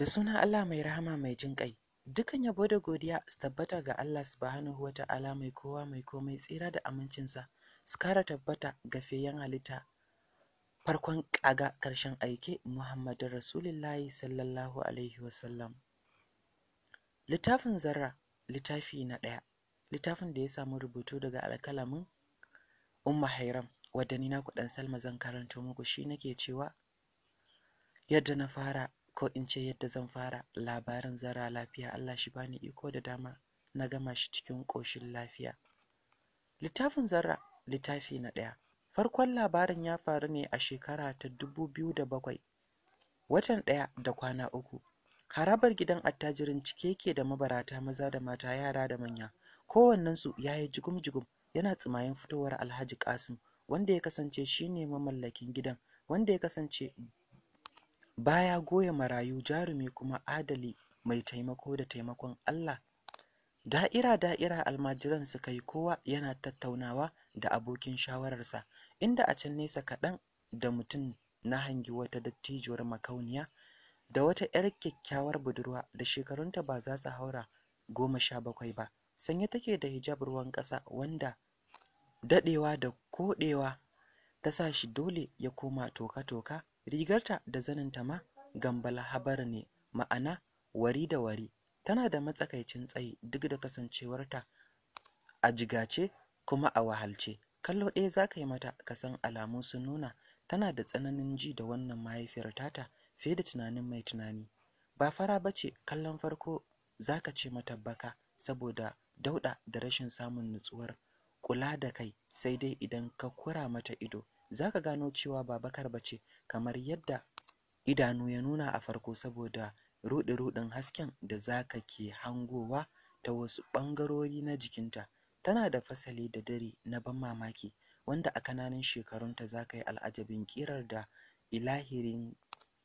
Da suna Allah mai rahama mai jin ƙai, dukan yabo da godiya su tabbata ga Allah subhanahu wa ta'ala mai kowa mai komai tsira da amincinsa, su kara tabbata ga feyen halitta. Farkon ƙaga karshen aike Muhammadu Rasulullahi sallallahu Alaihi wasallam. Littafin zarra, littafi na ɗaya, littafin da ya samu rubutu daga alkalamin Umma Hairam, wadda ni na kuɗan Salma zan karanto muku shi nake cewa, yadda na fara ko in ce yadda zan fara labarin zara lafiya Allah shi bani iko da dama na gama shi cikin ƙoshin lafiya. Littafin zara, littafi na ɗaya. Farkon labarin ya faru ne a shekara ta dubu biyu da bakwai, watan ɗaya da kwana uku. Harabar gidan attajirin cike ke da mabarata maza da mata yara da manya. Kowannensu ya yi jigum-jigum yana tsimayin fitowar Alhaji Kasim wanda ya kasance shi ne mamallakin gidan wanda ya kasance baya goya marayu jarumi kuma adali mai taimako da taimakon Allah da'ira da'ira almajiran suka yi kowa yana tattaunawa da abokin shawararsa inda a can nesa kaɗan da mutum na hangi wata dattijuwar makauniya da wata 'yar kyakkyawar budurwa da shekarunta ba za su haura goma sha bakwai ba Sanya take da hijab ruwan ƙasa wanda daɗewa da koɗewa ta sa shi dole ya koma toka-toka rigarta da zaninta ma gambala habar ne ma'ana wari da wari tana da matsakaicin tsayi duk da kasancewarta a jigace kuma a wahalce kallo ɗaya za ka yi mata ka san alamu sun nuna tana da tsananin ji da wannan mahaifiyar tata fiye da tunanin mai tunani ba fara ba ce kallon farko za ka ce mata baka saboda dauɗa da rashin samun nutsuwar kula da kai sai dai idan ka kura mata ido za ka gano cewa ba bakar ba ce kamar yadda idanu ya nuna a farko saboda ruɗe-ruɗen hasken da za ka ke hangowa ta wasu ɓangarori na jikinta tana da fasali da dare na ban mamaki wanda a kananan shekarunta za ka yi al'ajabin ƙirar da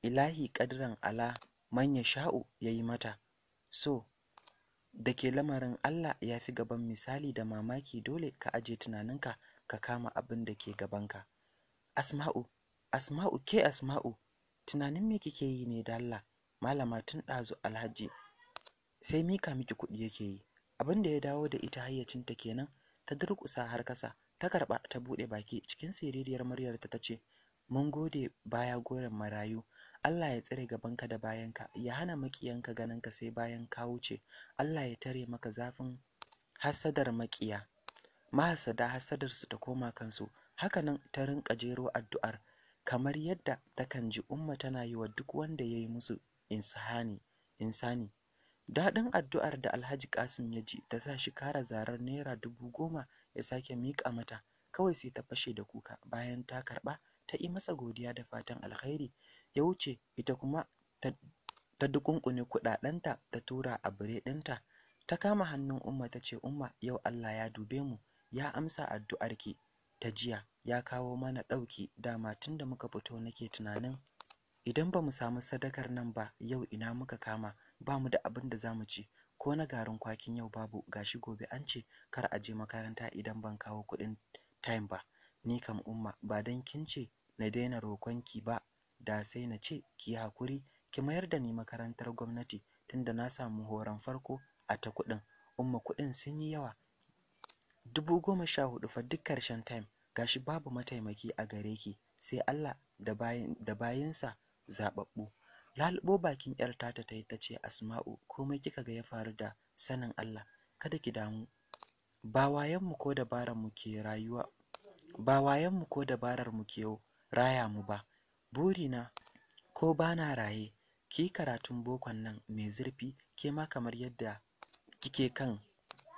ilahi ƙadiran ala manya sha'u ya yi mata so da ke lamarin Allah ya fi gaban misali da mamaki dole ka aje tunaninka ka kama abin da ke gabanka Asma'u, Asma'u ke Asma'u, tunanin me kike yi ne da Allah, malama tun ɗazu Alhaji. Sai mika miki kuɗi yake yi, abin da ya dawo da ita hayyacinta kenan, ta durƙusa har kasa, ta karɓa ta buɗe baki cikin siririyar muryar ta ce, Mun gode baya goren marayu, Allah ya tsare gabanka da bayanka, ya hana maƙiyanka ganinka sai bayan ka wuce, Allah ya tare maka zafin hasadar maƙiya. Mahasada hasadarsu ta koma kansu, hakanan ta rinka jero addu'ar kamar yadda takan ji umma tana yi wa duk wanda ya yi musu insani insani daɗin addu'ar da alhaji kasim ya ji ta sa shi kara zarar naira dubu goma ya sake miƙa mata kawai sai ta fashe da kuka bayan ta karɓa ta yi masa godiya da fatan alkhairi ya wuce ita kuma ta dukunkune kuɗaɗenta ta tura a bire ɗinta ta kama hannun umma ta ce umma yau Allah ya dube mu ya amsa addu'arki ta jiya ya kawo mana ɗauki dama tun da muka fito nake tunanin idan ba mu samu sadakar nan ba yau ina muka kama ba mu da abin da za mu ci ko na garin kwakin yau babu gashi gobe an ce kar a je makaranta idan ban kawo kuɗin time ba ni kam umma ba dan kin ce na daina roƙonki ba da sai na ce ki yi hakuri ki mayar da ni makarantar gwamnati tunda na samu horon farko a ta kuɗin umma kuɗin sun yi yawa dubu goma sha hudu fa duk ƙarshen time gashi babu mataimaki a gare ki sai Allah da bayin bayinsa zaɓaɓɓu. Lalubo bakin ‘yar tata ta yi ce Asma'u komai kika ga ya faru da sanin Allah kada ki damu ba wayanmu ko dabarar mu ke ko dabarar mu ke raya mu ba burina ko bana raye ki karatun bokon nan mai zurfi ke ma kamar yadda kike kan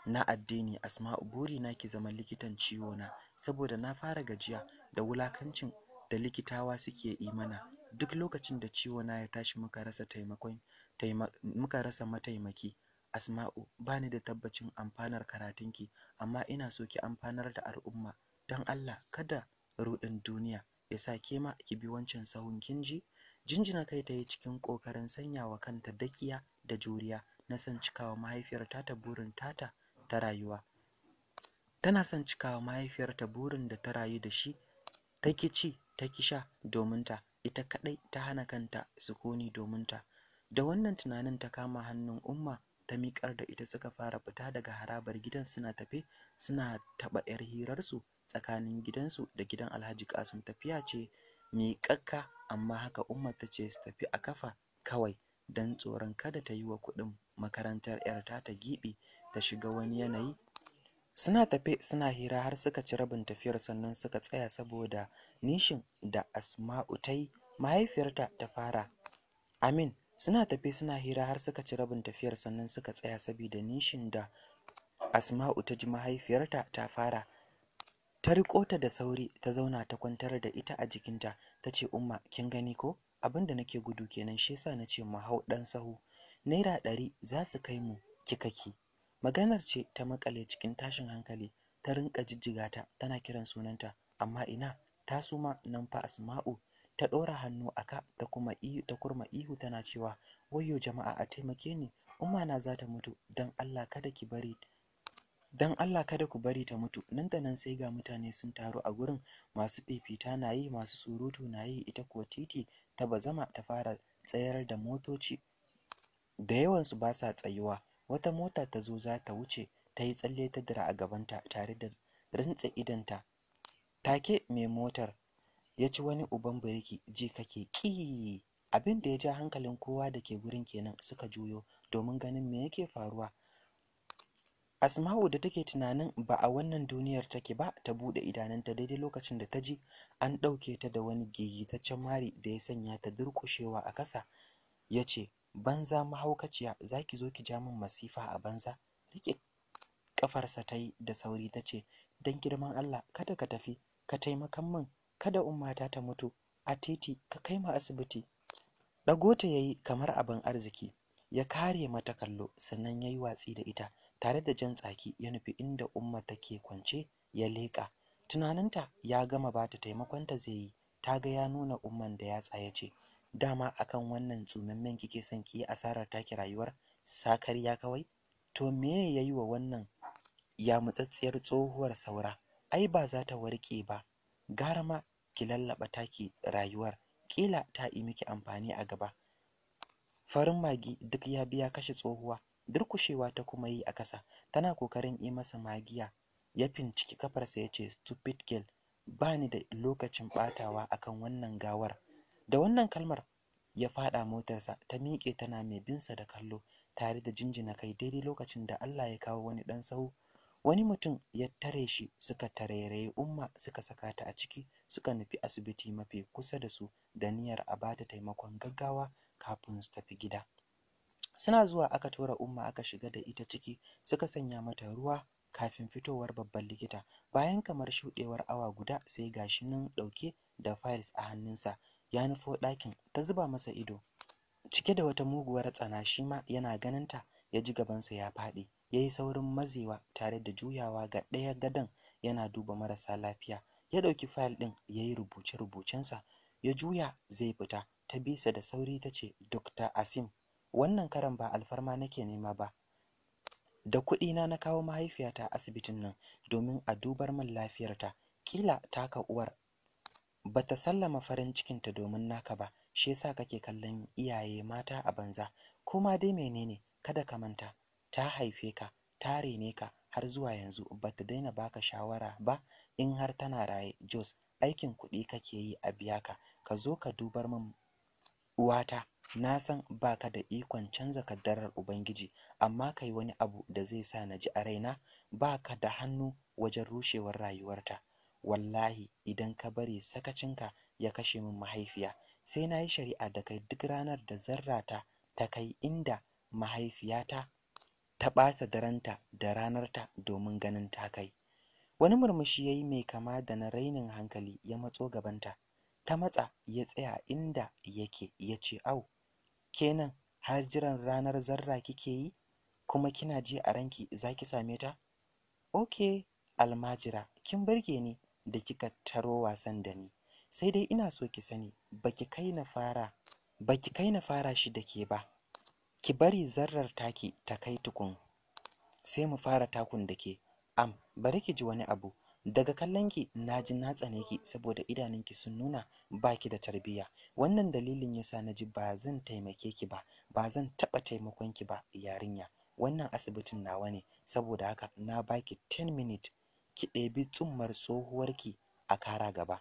na addini Asma'u burina ki zama likitan ciwo na saboda na fara gajiya da wulakancin da likitawa suke yi mana duk lokacin da ciwo na ya tashi muka rasa taimakon muka rasa mataimaki Asma'u bani da tabbacin amfanar karatunki amma ina so ki amfanar da al'umma don Allah kada ruɗin duniya ya sa ke ma ki bi wancan sahun kin ji jinjina kai ta yi cikin ƙoƙarin wa kanta dakiya da juriya na san cikawa mahaifiyar tata burin tata ta rayuwa tana son cikawa mahaifiyarta burin da ta rayu da shi ta ki ci ta ki sha domin ta ita kadai ta hana kanta sukuni domin ta da wannan tunanin ta kama hannun umma ta miƙar da ita suka fara fita daga harabar gidan suna tafe suna taɓa 'yar hirarsu tsakanin gidansu da gidan alhaji kasim tafiya ce miƙaƙƙa. amma haka umma ta ce su tafi a kafa kawai don tsoron kada ta yi wa kuɗin makarantar 'yar ta giɓi ta shiga wani yanayi suna tafe suna hira har suka ci rabin tafiyar sannan suka tsaya saboda nishin da asma'u ta yi mahaifiyarta ta fara amin suna tafe suna hira har suka ci rabin tafiyar sannan suka tsaya saboda nishin da asma'u ta ji mahaifiyarta ta fara ta riko ta da sauri ta zauna ta kwantar da ita a jikinta ta ce umma kin gani ko abin da nake gudu kenan shi yasa na ce mu hau ɗan sahu naira ɗari za su kai mu kika kikaki maganar ce ta makale cikin tashin hankali ta rinka jijjiga ta tana kiran sunanta amma ina ta suma nan fa asma'u ta ɗora hannu a ka ta kuma ihu ta kurma ihu tana cewa wayyo jama'a a taimake ni umma na za ta mutu don Allah kada ki bari dan Allah kada ku bari ta mutu nan da nan sai ga mutane sun taru a gurin masu fifita na yi masu surutu na yi ita kuwa titi ta bazama ta fara tsayar da motoci da yawansu ba sa tsayuwa wata mota ta zo za ta wuce ta yi tsalle ta dira a gabanta tare da rintse idanta take mai motar ya ci wani uban biriki ji kake ƙi abin da ya ja hankalin kowa da ke gurin kenan suka juyo domin ganin me yake faruwa asma'u da take tunanin ba a wannan duniyar take ba ta buɗe idanunta daidai lokacin da ta ji an ɗauke ta da wani gigitaccen mari da ya sanya ta durƙushewa a ƙasa ya ce banza mahaukaciya za ki zo ki ja min masifa a banza riƙe ƙafarsa ta yi da sauri ta ce don girman allah kada ka tafi ka taimakan min kada ummata ta mutu a titi ka kai mu asibiti ɗago ta ya yi kamar abin arziki ya kare mata kallo sannan ya yi watsi da ita tare da jan tsaki ya nufi inda umma take kwance ya leƙa tunaninta ya gama ba ta taimakonta zai yi ta ga ya nuna umman da ya tsaya ce dama akan wannan tsumammen kike son kiyi yi asarar taki rayuwar sakarya kawai to me ya yi wa wannan ya mutsatsiyar tsohuwar saura ai ba za ta warke ba gara ma ki lallaba taki rayuwar kila ta yi miki amfani a gaba farin magi duk ya biya kashe tsohuwa durkushewa ta kuma yi a kasa tana kokarin yi masa magiya ya finciki kafarsa ya ce stupid girl Bani da lokacin batawa akan wannan gawar da wannan kalmar ya faɗa motarsa ta miƙe tana mai binsa da kallo tare da jinjina kai daidai lokacin da Allah ya kawo wani ɗan sahu wani mutum ya tare shi suka tarairaye umma suka saka ta a ciki suka nufi asibiti mafi kusa da su da niyyar a bata taimakon gaggawa kafin su tafi gida suna zuwa aka tura umma aka shiga da ita ciki suka sanya mata ruwa kafin fitowar babban likita bayan kamar shuɗewar awa guda sai gashi nan ɗauke da files a hannunsa ya nufo ɗakin ta zuba masa ido cike da wata muguwar tsana shi ma yana ganinta ya ji gabansa ya faɗi ya yi saurin mazewa tare da juyawa ga ɗaya gadon yana duba marasa lafiya ya ɗauki fayil ɗin ya yi rubuce-rubucensa ya juya zai fita ta bisa da sauri ta ce dr asim wannan karan ba alfarma nake nema ba da kuɗina na kawo mahaifiyata asibitin nan domin a dubar min lafiyarta kila taka uwar bata sallama farin cikinta domin naka ba shi yasa kake kallon iyaye mata a banza ko dai menene kada ka manta ta haife ka ta rene ka har zuwa yanzu bata daina baka shawara ba in har tana raye Jos aikin kuɗi kake yi a biya ka ka zo ka dubar min uwata na san ba ka da ikon canza kaddarar ubangiji amma kai wani abu da zai sa na ji a raina Ba ka da hannu wajen rushewar rayuwarta wallahi idan ka bari sakacinka ya kashe min mahaifiya sai na yi shari'a da kai duk ranar da zarra ta ta kai inda mahaifiyata ta ɓata daranta da ranarta domin ganin ta kai wani murmushi ya yi mai kama da na rainin hankali ya matso gabanta ta matsa ya tsaya inda yake ya ce au kenan har jiran ranar zarra kike yi kuma kina ji a ranki za ki same ta ok almajira kin burge ni da kika taro wasan da ni sai dai ina so ki sani baki kai na fara baki kai na fara shi da ke ba ki bari zarrar taki ta kai tukun sai mu fara takun da ke am bari ki ji wani abu daga kallonki na ji na tsane ki saboda idanunki sun nuna baki da tarbiyya wannan dalilin yasa na ji ba zan taimake ki ba ba zan taɓa taimakon ki ba yarinya wannan asibitin nawa ne saboda haka na baki 10 minutes ki ɗebi tsummar tsohuwarki a kara gaba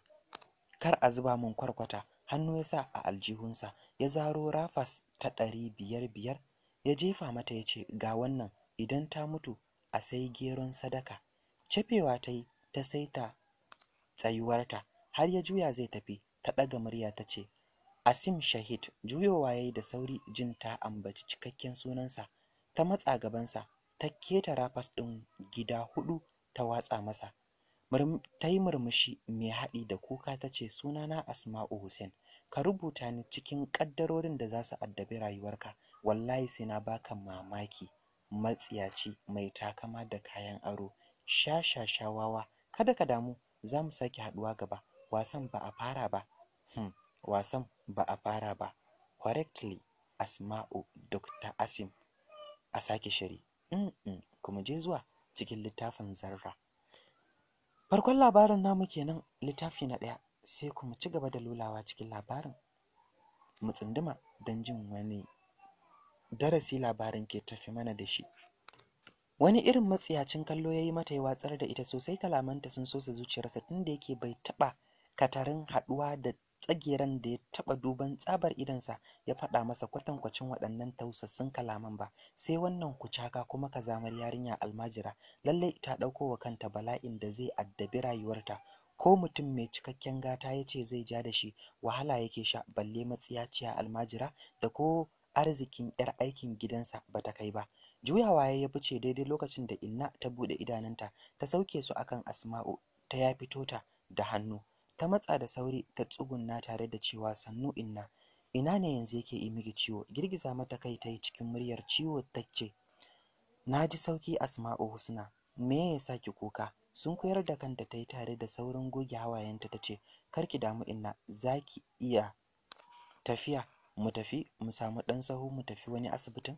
kar a zuba min kwarkwata hannu ya sa a aljihunsa ya zaro rafas ta ɗari biyar biyar ya jefa mata ya ce ga wannan idan ta mutu a sai geron sadaka cafewa ta yi ta sai ta tsayuwarta har ya juya zai tafi ta ɗaga murya ta ce asim shahid juyowa ya yi da sauri jin ta ambaci cikakken sunansa ta matsa gabansa ta keta rafas ɗin gida hudu ta watsa masa ta yi murmushi mai haɗi da kuka ta ce sunana asma'u hussein ka rubuta ni cikin ƙaddarorin da za su addabi rayuwarka wallahi sai na baka mamaki matsiyaci mai takama da kayan aro shashashawawa kada ka damu za mu sake haɗuwa gaba wasan ba a fara ba hmm. wasan ba a fara ba correctly asma'u dr asim a sake shiri mm kuma je zuwa cikin littafin zarra farkon labarin namu kenan littafi na ɗaya sai kuma ci gaba da lulawa cikin labarin mu tsunduma don jin wani darasi labarin ke tafi mana da shi wani irin matsiyacin kallo ya yi mata yi watsar da ita sosai kalamanta sun so su zuciyarsa tun da yake bai taɓa katarin haɗuwa da tsageren da ya taɓa duban tsabar idonsa ya faɗa masa kwatankwacin waɗannan tausassun kalaman ba sai wannan kucaka kuma ka zamar yarinya almajira lallai ta ɗauko wa kanta bala'in da zai addabi rayuwarta ko mutum mai cikakken gata ya ce zai ja da shi wahala yake sha balle matsiyaciya almajira da ko arzikin 'yar aikin gidansa ba ta kai ba juyawa ya yi fice daidai lokacin da inna ta buɗe idanunta ta sauke su akan asma'u ta ya fito ta da hannu ta matsa da sauri ta tsugunna tare da cewa sannu inna ina ne yanzu yake yi miki ciwo girgiza mata kai ta yi cikin muryar ciwo ta ce na ji sauki asma'u husna me ya sa ki kuka sun koyar da kanta ta yi tare da saurin goge hawayenta ta ce ki damu inna za ki iya tafiya mu tafi mu samu ɗan sahu mu tafi wani asibitin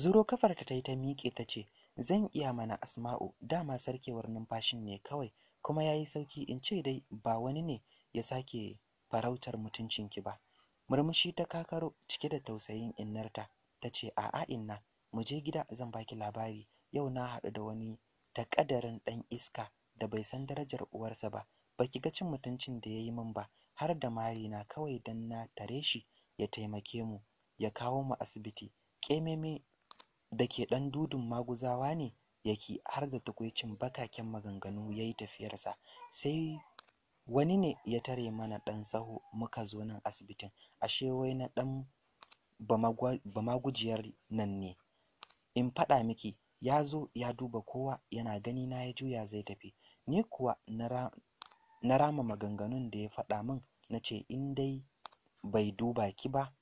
zuro kafarta ta yi ta miƙe ta ce zan iya mana asma'u dama sarkewar numfashin ne kawai kuma ya yi sauki in ce dai ba wani ne ya sake farautar mutuncinki ba murmushi ta kakaro cike da tausayin innarta ta ce a'a inna mu je gida zan baki labari yau na haɗu da wani ta ƙadarin ɗan iska da bai san darajar uwarsa ba baki ga cin mutuncin da ya yi min ba har da mari na kawai dan na tare shi ya taimake mu ya kawo mu asibiti ƙememe da ke ɗan dudun maguzawa ne yake har da takwaicin bakaken maganganu ya yayi tafiyarsa sai wani ne ya tare mana ɗan tsaho muka zo nan asibitin ashe wai na ɗan bamagujiyar nan ne in faɗa miki ya zo ya duba kowa yana gani na ya juya zai tafi ni kuwa na rama maganganun da ya faɗa min na ce in dai bai duba ki ba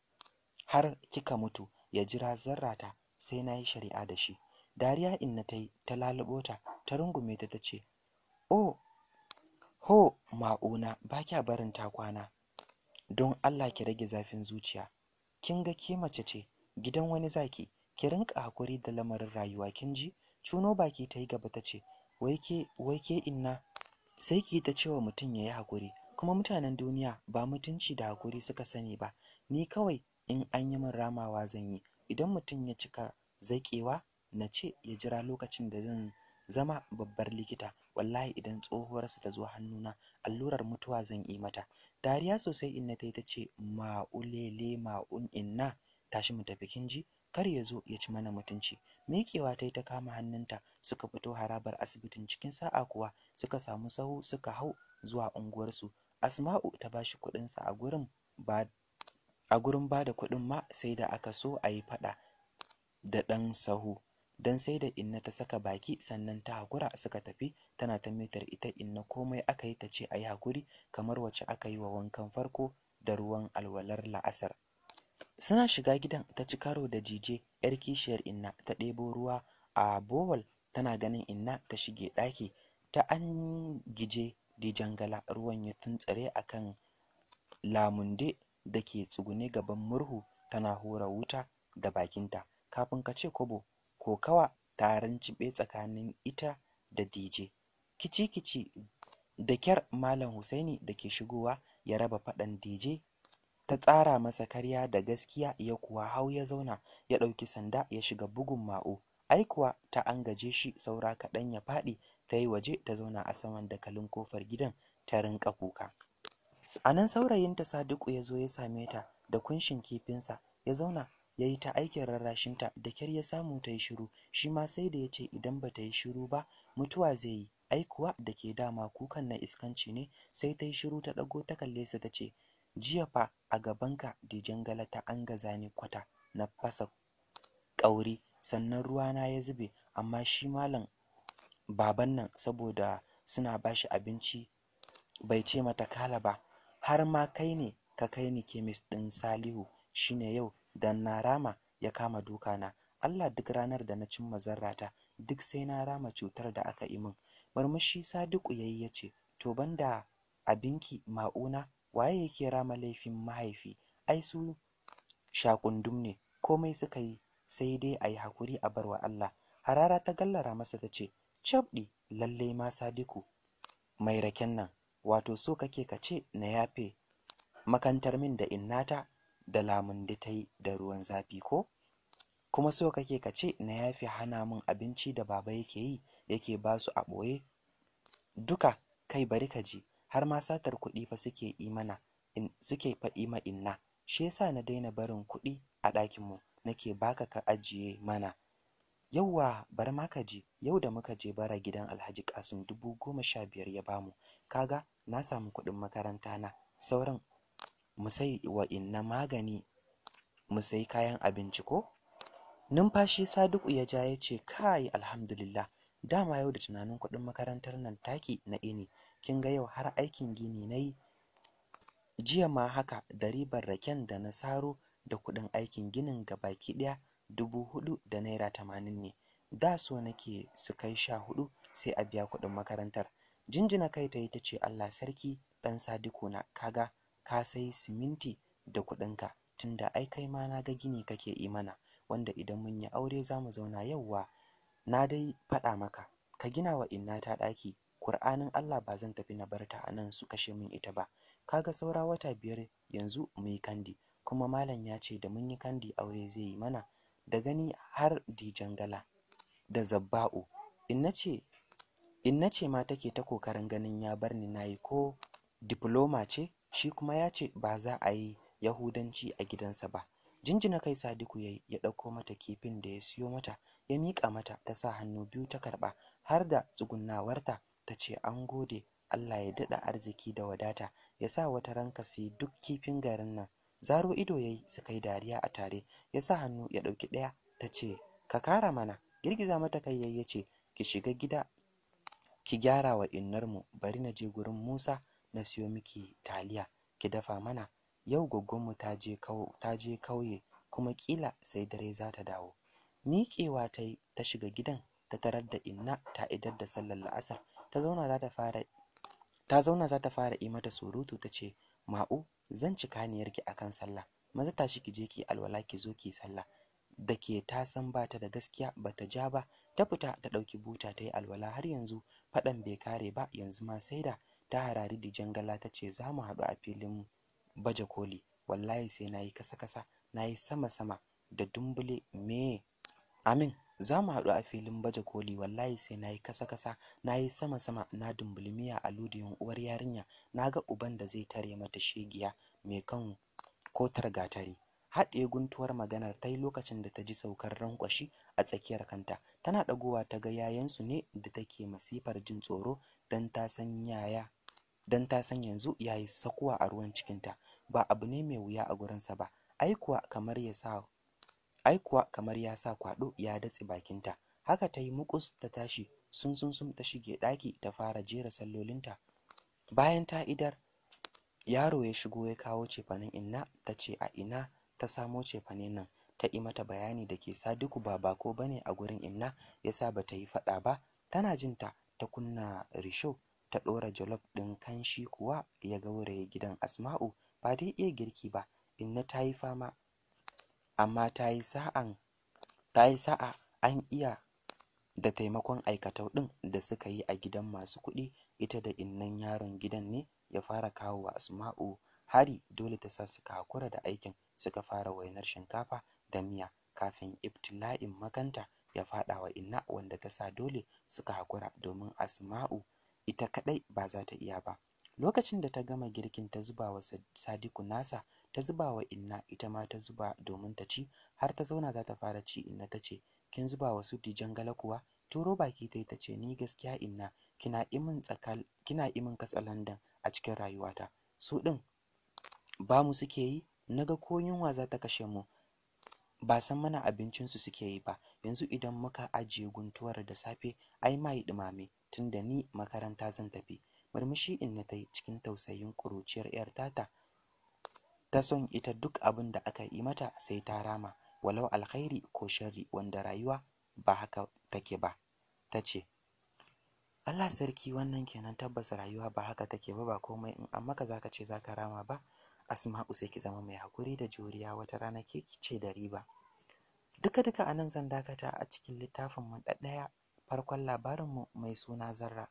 har kika mutu ya jira zarrata sai na yi shari'a da shi dariya inna ta yi ta lalubo ta ta rungume ta ta ce oh ho ma'una ba kya barin ta kwana don allah ki rage zafin zuciya kin ga ke mace ce gidan wani zaki ki rinka hakuri da lamarin rayuwa kin ji cuno baki ta yi gaba ta ce wai ke wai ke inna sai ki ta cewa mutum ya yi hakuri kuma mutanen duniya ba mutunci da hakuri suka sani ba ni kawai in an yi min ramawa zan yi idan mutum ya cika zaƙewa na ce ya jira lokacin da zan zama babbar likita wallahi idan tsohuwar su ta zo hannuna allurar mutuwa zan yi mata dariya sosai inna ta yi ta ce ma'ulele ma'un inna tashi mu tafi kin ji kar ya zo ya ci mana mutunci miƙewa ta yi ta kama hannunta suka fito harabar asibitin cikin sa'a kuwa suka samu sahu suka hau zuwa unguwarsu asma'u ta bashi shi kuɗinsa a gurin ba a gurin ba da kuɗin ma sai da aka so a yi faɗa da ɗan sahu don sai da inna ta saka baki sannan ta hakura suka tafi tana ta mitar ita inna komai aka yi ta ce a yi hakuri kamar wacce aka yi wa wankan farko da ruwan alwalar la'asar suna shiga gidan ta ci karo da jije yar kishiyar inna ta ɗebo ruwa a bowal tana ganin inna ta shige ɗaki ta an gije dijangala ruwan ya tuntsare kan lamunde da ke tsugune gaban murhu tana hura wuta da bakinta kafin ka ce kobo kokawa taron cibe tsakanin ita da DJ. kici-kici da kyar malam husaini da ke shigowa ya raba faɗan DJ ta tsara masa karya da gaskiya ya kuwa hau ya zauna ya ɗauki sanda ya shiga bugun ma'o ai kuwa ta an gaje shi saura kaɗan ya faɗi ta yi waje ta zauna a saman dakalin kofar gidan ta rinƙa kuka a nan saurayinta sadiku ya zo ya same ta da kunshin kifinsa ya zauna ya yi ta aikin rarrashinta da kyar ya samu ta yi shiru shi ma sai da ya ce idan ba ta yi shiru ba mutuwa zai yi ai kuwa da ke dama kukan na iskanci ne sai ta yi shiru ta ɗago ta kalle sa ta ce jiya fa a gabanka dijen galata an gaza ni kwata na fasa ƙauri sannan ruwa na ya zube amma shi malam baban nan saboda suna ba shi abinci bai ce mata kala ba har ma kai ne ka kai ni kemis ɗin salihu shine yau da na rama ya kama na. Allah duk ranar da na cimma zarrata duk sai na rama cutar da aka yi min murmushi Sadiku yayi yace to banda abinki ma'una waye yake rama laifin mahaifi ai su shakundum ne komai suka yi sai dai a yi hakuri a barwa Allah harara ta gallara masa tace ce ɗi, lallai ma Sadiku mai raken nan wato so kake kace na yafe makantar min da innata da lamun da ta yi da ruwan zafi ko kuma so kake ka ce na yafi hana mun abinci da baba yake yi yake ba su a ɓoye duka kai bari ka ji har ma satar kuɗi fa suke yi mana suke faɗi ma inna shi yasa na daina barin kuɗi a ɗakin mu nake baka ka ajiye mana yauwa bar ma ka ji yau da muka je bara gidan alhaji kasim dubu goma sha biyar ya bamu kaga na samu kuɗin makaranta na sauran mu sai wa inna magani mu sai kayan abinci ko numfashi sadiku ya ja ya ce kai alhamdulillah dama yau da tunanin kuɗin makarantar nan taki na ini kin ga yau har aikin gini nayi jiya ma haka da ribar raken da na saro da kuɗin aikin ginin ga baki ɗaya dubu hudu da naira tamanin ne da so nake su kai sha hudu sai a biya kuɗin makarantar jinjina kai ta yi ta ce allah sarki ɗan sadiku na kaga ka sai siminti da kuɗinka tunda ai kai ma na ga gini kake yi mana wanda idan mun yi aure za mu zauna yauwa na dai faɗa maka ka gina wa inna ta ɗaki ƙur'anin Allah ba zan tafi na barta a nan su kashe min ita ba Ka ga saura wata biyar yanzu mu yi kandi kuma malam ya ce da mun yi kandi aure zai yi mana da gani har dijangala da zabba'u inna ce inna ce ma take ta kokarin ganin ya bar ni yi ko diploma ce shi kuma ya ce ba za a yi Yahudanci a gidansa ba. Jinjina kai Sadiku ya ya ɗauko mata kifin da ya siyo mata ya miƙa mata ta sa hannu biyu ta karɓa har da tsugunnawarta ta ce an gode Allah ya daɗa arziki da wadata ya sa wata ranka yi duk kifin garin nan. Zaro ido ya yi su kai dariya a tare ya sa hannu ya ɗauki ɗaya ta ce ka kara mana girgiza mata kai ya ce ki shiga gida ki gyara wa innarmu bari na je gurin Musa na siyo miki taliya ki dafa mana yau gwaggonmu ta je ta je ƙauye kuma ƙila sai dare za ta dawo miƙewa ta ta shiga gidan ta tarar da inna ta idar da sallar la'asar ta zauna za ta fara ta zauna za ta fara yi mata surutu ta ce ma'u zan ci kaniyarki akan sallah maza tashi ki je ki alwala ki zo ki sallah da ke ta san ba ta da gaskiya ba ta ja ba ta fita ta ɗauki buta ta yi alwala har yanzu faɗan bai kare ba yanzu ma sai da ta harari dijangala ta ce za mu haɗu a filin baje koli wallahi sai na yi kasa-kasa na yi sama-sama da dumbule me amin za mu haɗu a filin baje koli wallahi sai na yi kasa-kasa na yi sama-sama na dumbuli miya a ludiyin uwar yarinya na ga uban da zai tare mata shegiya mai kan kotar gatari haɗe guntuwar maganar ta yi lokacin da ta ji saukar rankwashi a tsakiyar kanta tana ɗagowa ta ga yayansu ne da take masifar jin tsoro don ta san yaya don ta san yanzu ya yi sakuwa a ruwan cikinta ba abu ne mai wuya a gurinsa ba ai kuwa kamar ya sa ai ya kwaɗo ya datse bakinta haka ta yi muƙus ta tashi sun sun sun ta shige ɗaki ta fara jera sallolinta bayan ta idar yaro ya shigo ya kawo cefanen inna ta ce a ina ta samo cefanen nan ta yi mata bayani da ke sadiku ba bako bane a gurin inna yasa bata yi faɗa ba tana jinta ta kunna risho ta ɗora jolof ɗin kanshi kuwa ya gauraye gidan Asma'u ba dai iya girki ba inna ta yi fama amma ta yi sa'a an iya da taimakon aikatau ɗin da suka yi a gidan masu kuɗi ita da innan yaron gidan ne ya fara kawo wa Asma'u hari dole ta sa suka hakura da aikin suka fara wainar shinkafa da miya kafin ibtila'in makanta ya faɗa wa inna wanda ta sa dole suka hakura domin asma'u ita kadai ba za ta iya ba lokacin da ta gama girkin ta zuba wa sadiku nasa ta zuba wa inna ita ma ta zuba domin ta ci har ta zauna za ta fara ci inna ta ce kin zuba wa su dijangala kuwa turo baki ta ta ce ni gaskiya inna kina imin tsakal kina imin katsalandan a cikin rayuwata su din? ba mu suke yi naga ko yunwa za ta kashe mu ba san mana abincinsu suke yi ba yanzu idan muka ajiye guntuwar da safe ai ma yi tunda ni makaranta zan tafi murmushi in na ta cikin tausayin kuruciyar 'yar tata ta son ita duk abin da aka yi mata sai ta rama walau alkhairi ko sharri wanda rayuwa ba haka take ba ta ce Allah sarki wannan kenan tabbas rayuwa ba haka take ba ba komai in amma ka zaka ce zaka rama ba asma'u sai ki zama mai hakuri da juriya wata rana ke ce da riba duka duka anan zan dakata a cikin littafin mu ɗaya farkon labarin mu mai suna zarra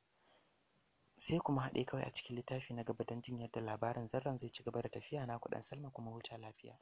sai kuma haɗe kawai a cikin littafi na gaba don jin yadda labarin zarran zai ci gaba da tafiya na kuɗin salma kuma huta lafiya